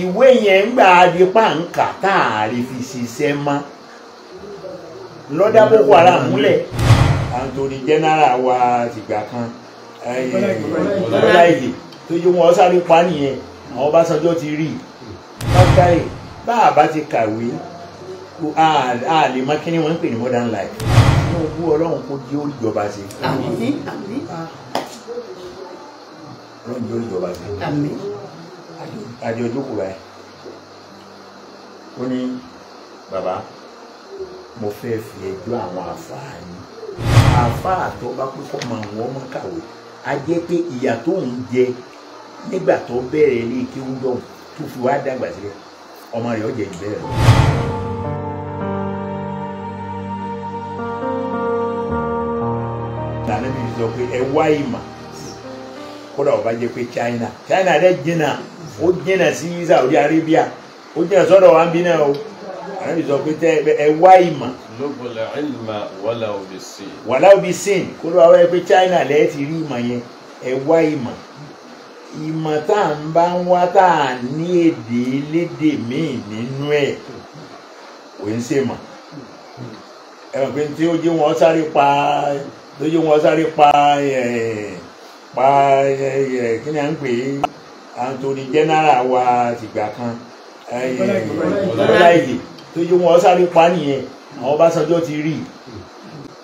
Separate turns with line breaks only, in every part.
ìwé yẹn ń gbà di pàǹkà tá a rí fi ṣiṣẹ́ mọ́ lọ́dá boko haram múlẹ̀ Anthony general wa tìgbà kan eh, lọ́dá èdè tó yẹ wọn sáré pa nìyẹn àwọn Ọbásanjọ́ ti rí lọ́kàì e. bá a bá ti kàwé a lè mọ kí ni wọ́n ń pè ní modern life ní ogú ọlọ́run kó di oríjọba sí. ọlọ́run di oríjọba sí àjọ ìjókòó báyìí ó ní bàbá mo fẹ́ fi ẹjọ́ àwọn àfáà àfáà tó bá pé kọ́ máa wọ́n mọ́ kàwé a jẹ́ pé ìyà tó ń jẹ nígbà tó bẹ̀rẹ̀ ilé kéwú dọ̀hún tó fi wá dàgbà sílẹ̀ ọmọ rẹ̀ ọ̀jẹ̀ ìbẹ̀rẹ̀ lọ. nàánú mi sọ pé ẹ wá ìmọ̀ kódà ọba jẹ́ pé China China rẹ̀ jìnnà ó jìnà sí Saudi Arabia ó jìnà sọ́dọ̀ wa ń bí náà o ànábì sọ pé tẹ ẹ wá ìmọ̀. lóbulẹ̀ ìlmà wàlà òbí sin. wàlà òbí sin kó ló wá wáyé China lẹ́ẹ̀ ti rí ìmọ̀ yẹn ẹ wá ìmọ̀ ìmọ̀ tá à ń bá ń wá tá à ní èdè elédè míì nínú ẹ̀ kò ń ṣe mọ̀ ẹ mọ̀ pé tí ó jẹ́ wọn sáré pa tó jẹ́ wọn sáré pa ẹ̀ pa ẹ̀ kí ni à ń pè é. Anthony general wa tìgbà kan bọ́lá ìlè tó yẹ wọn sáré pa nìyẹn àwọn Ọbásanjọ́ ti rí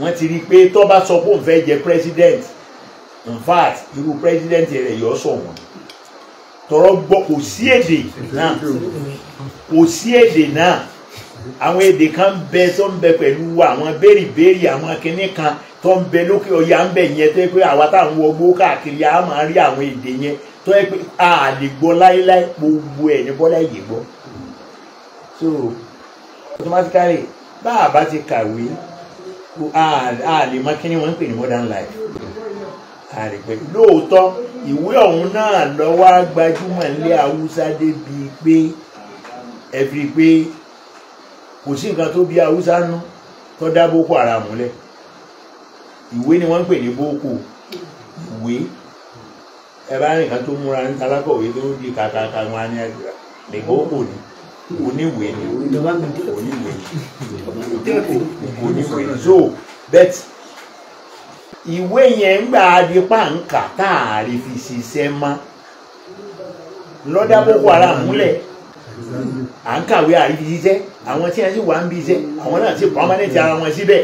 wọ́n ti rí i pé tó bá sọ pé òun fẹ́ jẹ president in fact irú president rẹ̀ yọ sọ wọ́n tọrọ gbọ́ kò sí èdè náà kò sí èdè náà àwọn èdè kan bẹ tó ń bẹ pẹ̀lú àwọn bẹ́rìbẹ́rì àwọn kinní kan tó ń bẹ lókè ọ̀yà ń bẹ yẹn tó yẹ pé àwa táwọn wọgbó káàkiri a máa rí àwọn èdè yẹn tó yẹ pé a lè gbọ́ láéláé gbogbo ẹ̀ ní bọ́lá yìí gbọ́ so automatically bá a bá ti kàwé a lè mọ kí ni wọ́n ń pè ní modern life a lè pè lóòótọ́ ìwé ọ̀hún náà lọ́wọ́ gbajúmọ̀ ilé haúsá débi pé ẹ̀fì pé kò sí nǹkan tó bí haúsá nú tó dá boko haram lẹ̀ ìwé ni wọ́n ń pè ní boko ìwé ẹ bá nìkan tó múra ní alákọ̀wé tó di kàkàkà wọn ni lèkó kò ní oníwèé ni oníwèé oníwèé so bet ìwé yẹn ń gbà di pàǹkà tá a rí fi ṣiṣẹ́ mọ́ lọ́dá boko haram múlẹ̀ à ń kàwé àrífi ṣiṣẹ́ àwọn tí wọ́n sì wà ń bí iṣẹ́ àwọn náà ti pàmánẹ́tì ara wọn síbẹ̀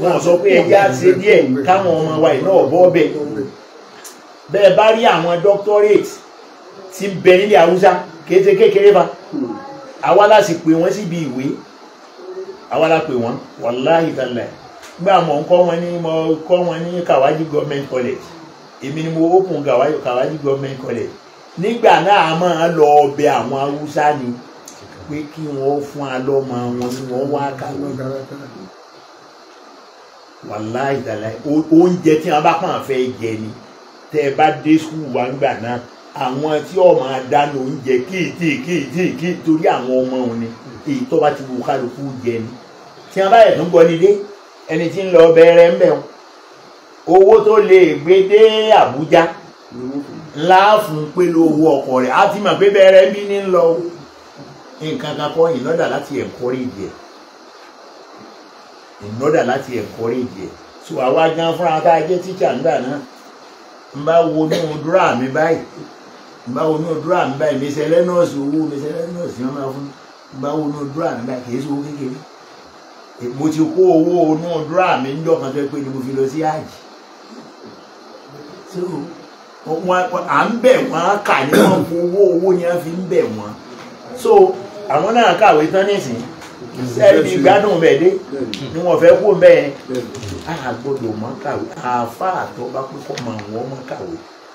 wọ́n sọ pé ẹjẹ́ á ṣe díẹ̀ káwọn ọmọ wa ìnáwó bọ́ bẹ́ẹ̀ bẹ́ẹ̀ bá rí àwọn doctorate ti bẹ nílẹ̀ haúsá kété kékeré ba àwa la sì pè wọ́n síbi ìwé àwa la pè wọ́n wàláhì tàlà gbé àmọ́ ń kọ́ wọn ní mo kọ́ wọn ní kawaji government college èmi ni mo open kawaji government college nígbà náà a máa lọ ọbẹ àwọn haúsá ni pé kí wọ́n fún alọ́mọ wọn ni wọ́n wá kàwé wàláhì tàlà oúnjẹ tí wọ́n bá pàǹfẹ́ jẹ ni tẹ́ ẹ bá dé skul wa ńgbà náà àwọn tí ó máa dáná oúnjẹ kéèké kéèké kéèké torí àwọn ọmọ òun ni èyí tó bá ti wù kálukú jẹ ni tí wọn bá yẹ tó ń gbọ́ nílé ẹni tí ń lọ bẹ̀rẹ̀ ń bẹ̀ owó tó lè gbé dé Àbújá ńlá fún pé lówó ọkọ rẹ̀ á ti mọ̀ pé bẹ̀rẹ̀ bí ní ń lọ nǹkan kan kọ́ ìnọ́dà láti encourage ẹ̀ ìnọ́dà láti encourage ẹ̀ so àwa gan fúnra ká jẹ́ tíṣà ńgbà náà n bá wọnú dúrà mi báyìí n bá wọnú dúrà mi báyìí mi sẹlẹ nọọsì owó mi sẹlẹ nọọsì wọn máa fún mi n bá wọnú dúrà mi báyìí kìí sowó kékeré mo ti kó owó inú dúrà mi ń dọ̀kan tó pé ni mo fi lọ sí àjì so à ń bẹ̀ wọ́n á kà ní wọn fún owó owó ni wọ́n fi ń bẹ̀ wọ́n so àwọn náà kàwé tán nísìnyí ẹbí gbádùn bẹ̀ dé ni wọ́n fẹ́ kó bẹ́ẹ̀ a gbọ́dọ̀ mọ́ kàwé àáfà àtọ́ bá pé kọ́ máa wọ́n mọ́ kàwé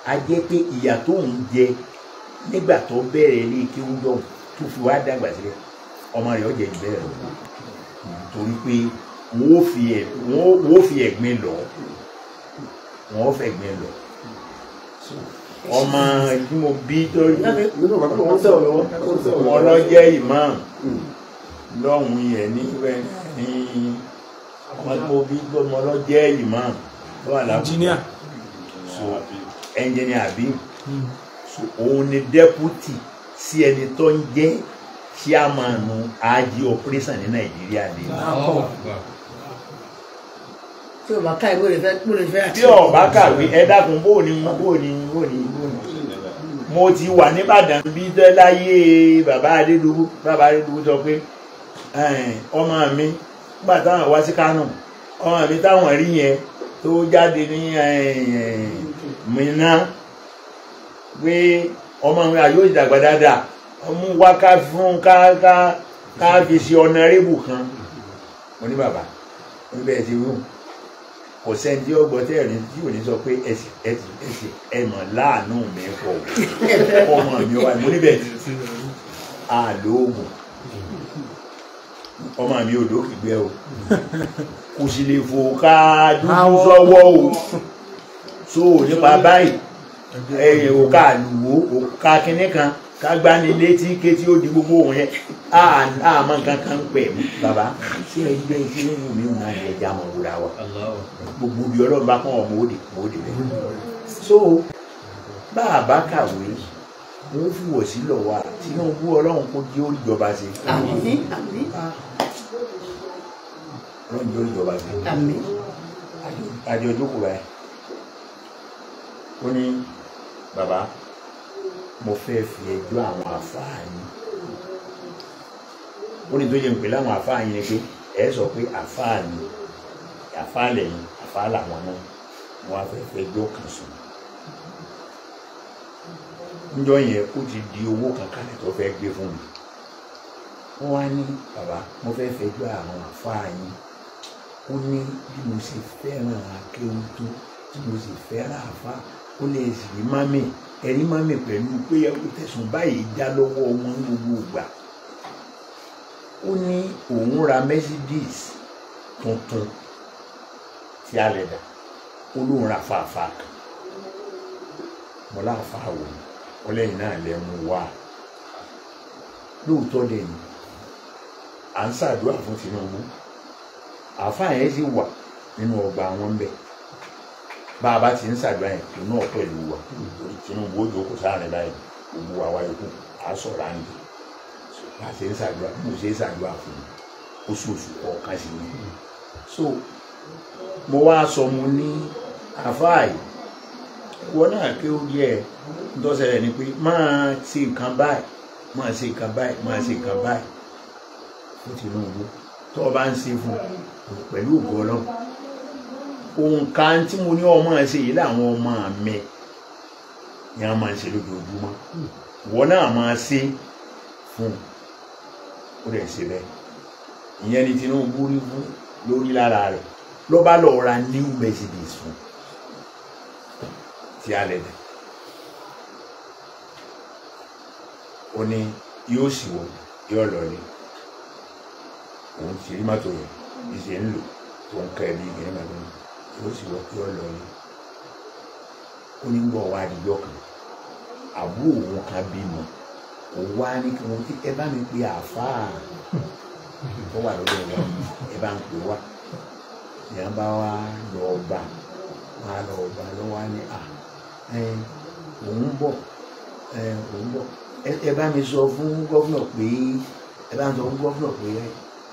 a jẹ́ pé ìyà tó ń jẹ nígbà tó bẹ̀rẹ̀ ilé kéwúdọ̀ tó fi wá dàgbà sílẹ̀ ọmọ rẹ̀ ọ̀jẹ̀ ìbẹ̀rẹ̀ lọ torí pé wọ́n ó fi ẹ̀gbin lọ wọ́n ó fẹ̀gbin lọ ọmọ tí mo bí tó rí ọlọ́jẹ́ ìmáàmù lọ́hùn yẹn ní rẹ ní ọmọdébóbí gbọmọ ọlọ́jẹ́ ìmọ̀ lọ́wọ́ àlàbò so ẹnjìnìà àbí so òun ni dẹ́pútì sí ẹni tó ń jẹ́ ṣíàmánu àjì ọ̀pẹ́rẹ́sàn ní nàìjíríà ni. Ah, tí o bá ká ìwé rẹ fẹ́ kúrò fẹ́ àti. tí o bá kàwé ẹ dákun bó ni bó ni bó ni bó ni mo ti wà nìbàdàn bí láyé bàbá adédúró bàbá adédúró sọ pé ọmọ mi nígbà táwọn wá sí Kánò ọmọ mi táwọn rí yẹn tó jáde ní Mínà pé ọmọ mi yóò dàgbà dáadáa ọmú wá ká fún ká ká ká fi ṣe ọ̀nàrẹ́bù kan oní bàbá oní bẹ́ẹ̀ ti rún kò sẹ́ni tí ó gbọ́ tí ẹ̀rín tí ò ní sọ pé ẹ̀sì ẹ̀sì ẹ̀sì ẹ̀mọ̀ láàánú mi pọ̀ ọmọ mi wà ní oníbẹ̀ àlóògùn ọmọ mi ò dókìgbẹ́ o kò sì lè fò ká dúdú sọ́wọ́ o so nípa báyìí ẹ̀yìn òkà àlùwò òkà kínní kan ká gbá ní létí ké tí ó di gbogbo òun yẹn àmọ́ nǹkan kan ń pẹ̀ mí bàbá ṣé ẹ gbé kí ló wù mí wọn àyè ẹja mọ̀ wúra wa gbogbo ibi ọlọ́run bá kàn ọmọ òde òde rẹ̀ so bá a bá kàwé wọn fi wọ̀ sí lọ wa Tinubu Ọlọ́run kó di olùjọba ṣe. àmín àmín. Ọlọ́run di olùjọba ṣe. àmín. àjọ ìjókòó báyìí ó ní bàbá mo fẹ́ fi ẹjọ́ àwọn àfáà yín ó ní tó yẹ pé láwọn àfáà yín ni pé ẹ sọ pé àfáà ni àfáà lẹ́yìn àfáà náà wọn á fẹ́ fẹ́ ẹjọ́ kan sùn njọ yẹn ó ti di owó kankan tó fẹ́ gbé fún mi ó wá ní bàbá mo fẹ́ fẹjọ́ àwọn àfáà yín ó ní bí mo ṣe fẹ́ràn akéwù tó tí mo sì fẹ́ràn àfáà ó lè sì má mi ẹ̀rí má mi pẹ̀lú pé ó tẹ̀sùn báyìí dá lọ́wọ́ wọn gbogbo ìgbà ó ní òun ra mercedes tuntun tí a lè dà ó lóun ra fàáfàá kan mo láǹfààní wò ni wọ́n lẹ́yìn náà lẹ́ mú wá lóòótọ́ dẹ̀ ni à ń ṣàdúrà fún Tinubu àáfàá yẹn sì wà nínú ọgbà àwọn bẹ bá a bá ti ń ṣàdúrà yẹn tó náà pẹ̀lú wa lórí Tinubu ó jókòó sáàrin báyìí òbu wa wáyé kú à á sọ̀rọ̀ bá a ṣe ń ṣàdúrà bí mo ṣe ń ṣàdúrà fún un oṣooṣù kọ̀ọ̀kan sí ni so mo wá sọ mo ní àáfàá yìí wọn náà kí ó yẹ ntọ́sẹ̀lẹ̀ ni pé máa ṣe nǹkan báyìí máa ṣe nǹkan báyìí máa ṣe nǹkan báyìí fún Tinubu tó o bá ń ṣe fún pẹ̀lú ògo Ọlọ́run òǹkà tí mo ní ọmọ ṣe yìí làwọn ọmọ mi ni a máa ń ṣe lójoojúmọ́ wọn náà máa ṣe fún ó lè ṣe bẹ́ẹ̀ ìyẹn ni Tinubu rí fún lórí lára rẹ̀ lọ́ba lọ́ọ́ ra new Mercedes fún un alẹ́ ni ó ní yóò sì wò yóò lọ ní òun ti rí mọ́tò rẹ̀ bí ṣe ń lò tó ń kẹ́ bí ìgbìmọ̀ ẹ̀gbọ́n yóò sì wò yóò lọ ní ó ní gbọ́ wá àdìjọ́ kan àbúrò òun kan bímọ òun wá ní kí wọ́n ti ẹ bá mi pe àáfàá ó wà lọ́dọ̀ wa ẹ bá ń pè wá ìyá bá wá lọ ọba wá lọ ọba lọ́wọ́ ní à òun bọ̀ òun bọ̀ ẹ bá mi sọ fún gọ́vnà pé ẹ bá mi sọ fún gọ́vnà pé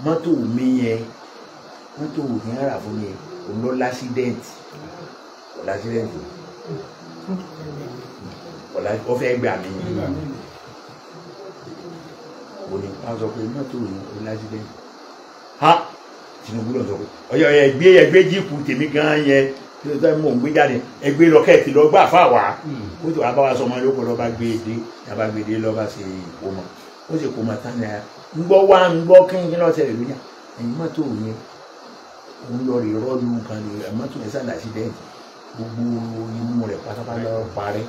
mọ́tò mi yẹn mọ́tò mi yẹn rà fún mi òun lọ lásídẹ́ǹtì lásídẹ́ǹtì ó fẹ́ gbà mí kò ní ká sọ pé mọ́tò yẹn ó lásídẹ́ǹtì ha Tinubu lọ sọ pé ọyọ ẹgbẹ́ ẹgbẹ́ jíìpù tèmi gan yẹn kí ló tẹ́ mò ń gbé jáde ẹgbẹ́ lọ́kẹ́ẹ̀tì lọ gbà fà wá kó tó wá bá wa sọ ọmọ yòókù lọ́ba gbé dé yàrá gbé dé lọ́ba ṣe ìkó ó sì kó mọ́ tán náà ń gbọ́ wá ń gbọ́ kí n lọ́ọ́ tẹ̀lé lóyún ẹ̀yin mọ́tò yẹn òun lọ rè rọ́ọ̀lù nǹkan lè ẹ̀ mọ́tò yẹn sàdásí dẹ́ẹ̀tì gbogbo inú rẹ̀ pátápátá parí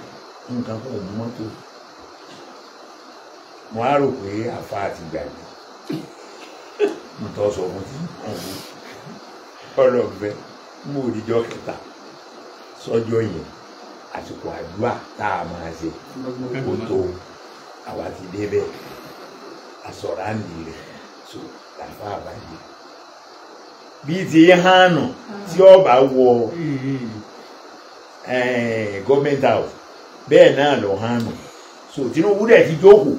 nǹkan pọ̀ ní mọ́tò mo á rò pé àfa àti gbàgbé mo sọ fún ti ọ̀gbìn ọlọ́ọ̀bẹ mo òdìjọ kẹta sọjọ yẹn àsìkò àdúrà tá a máa ṣe kó tó àwa ti débẹ̀ àsọ̀rọ̀ àǹdí rẹ̀ tó làbá àbájẹ bí ti hànú tí ọba wọ gọọmenti house bẹ́ẹ̀ náà lọ hànú so Tinubu dẹ̀ ti jókòó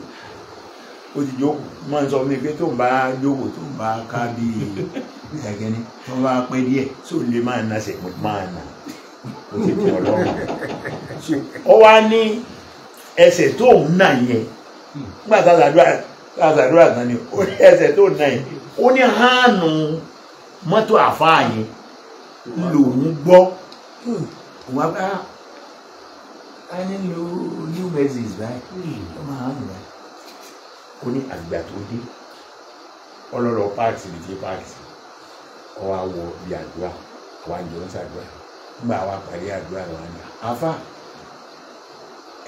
ó ti jókòó máa ń sọ fún mi pé tó ń bá jókòó tó ń bá ká bíi ìdàgẹ́ ni wọ́n bá pẹ́ díẹ̀ tó lè máa na ṣe mo máa nà
ó ti tẹ̀ ọlọ́run
ó wá ní ẹsẹ̀ tó ń nà yẹn nígbà tá a ṣàdúrà tán ni ó ní ẹsẹ̀ tó ń nà yẹn ó ní hánù mọ́tò àfáà yẹn lòún gbọ́ hmm. wà bá a nílò new messages báyìí ọmọ hmm. hánù báyìí ó ní àgbà tó dé ọlọ́rọ̀ páàkì ti di páàkì ọwọ́ àwọ̀ bíi àdúrà wà jọ ń ṣàdúrà nígbà wa parí àdúrà wà ní àfà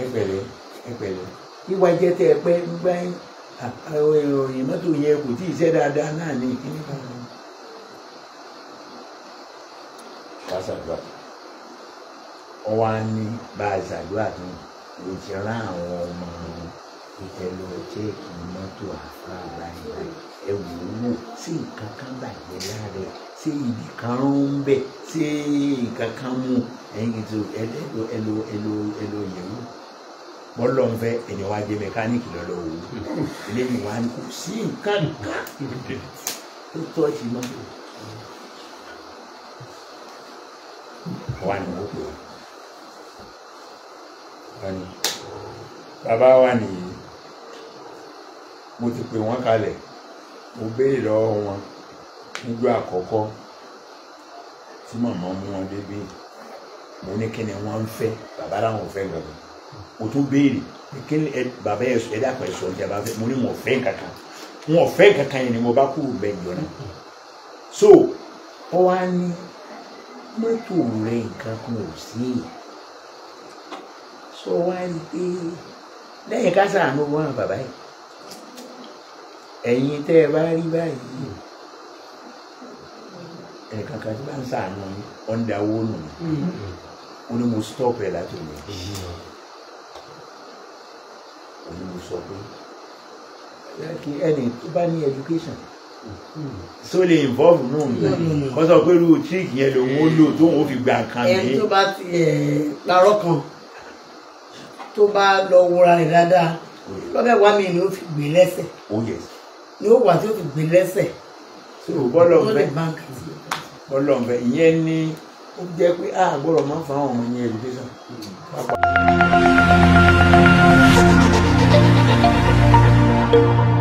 ẹ pẹ̀lẹ́ ẹ pẹ̀lẹ́ wíwá jẹ́ tẹ́ ẹ pẹ́ ń gbá ìròyìn mọ́tò yẹn kò tí ì ṣe dáadáa náà ní kíní kan. ṣàṣàdúrà ọwọ́ á ní bá a ṣàdúrà tó lè ti rán àwọn ọmọ ìtẹ̀lọ́ ṣéèkì mọ́tò àfà báyìí báyìí ẹ wò ó wò ṣé nǹkan kan bàjẹ́ lára ẹ̀ ṣé ibi kan rún ń bẹ̀ ṣé nǹkan kan mú ẹ̀yìn tó ẹlò ẹlò ẹlò ẹlò yẹ̀wò bọ́lọ́nfẹ́ ẹni wàá jẹ mẹkáníìkì lọ́lọ́ wò ó eléyìí ní kò sí nǹkan kan tó tọ́ sí mọ́tò wà ní wọ́pọ̀ wà ní bàbá wà nìyí mo ti pè wọ́n kalẹ̀ mo béèrè lọ́wọ́ wọn níjọ́ àkọ́kọ́ tí màmá mú wọn débi mo ní kí ni wọ́n ń fẹ́ bàbá làwọn ò fẹ́ gbàgbọ́ mo tún béèrè kí ni bàbá yẹn ẹ̀dá pẹ̀lú sọ̀rọ̀ ìjàmbá fẹ́ mo ní wọn ò fẹ́ kankan wọn ò fẹ́ kankan yẹn ni mo bá kúrò bẹ́ẹ̀ jọ náà so ọ wá ní mọ́tò rẹ̀ nǹkan kan ò sí sọ wá ní pé ká sàánú wọn bàbá yìí ẹ̀yin tẹ́ ẹ bá rí báyìí ẹ̀ẹ̀kan kan tí bá ń sàánú ọ̀ndà owó nù ó ní mo stop ẹ̀ láti lè ó ní mo sọ pé láti tó bá ní education so lè involve nù mí kó sọ pé irú trick yẹn lòun ó lò tóun ó fi gba nǹkan mi. ẹni tó bá ti ẹ̀ parọ́ kan tó bá lọ wúra rẹ̀ dáadáa oh, lọ́bẹ̀ wá mi ni ó fi gbé lẹ́sẹ̀. oh yes ni ó wà tí ó ti gbé lẹ́sẹ̀. so bọ́lọ̀m̀bẹ́ bọ́lọ̀m̀bẹ́ ìyẹn ni ó jẹ́ pé a gbọ́dọ̀ máa fa àwọn ọmọ yẹn education. thank hmm. you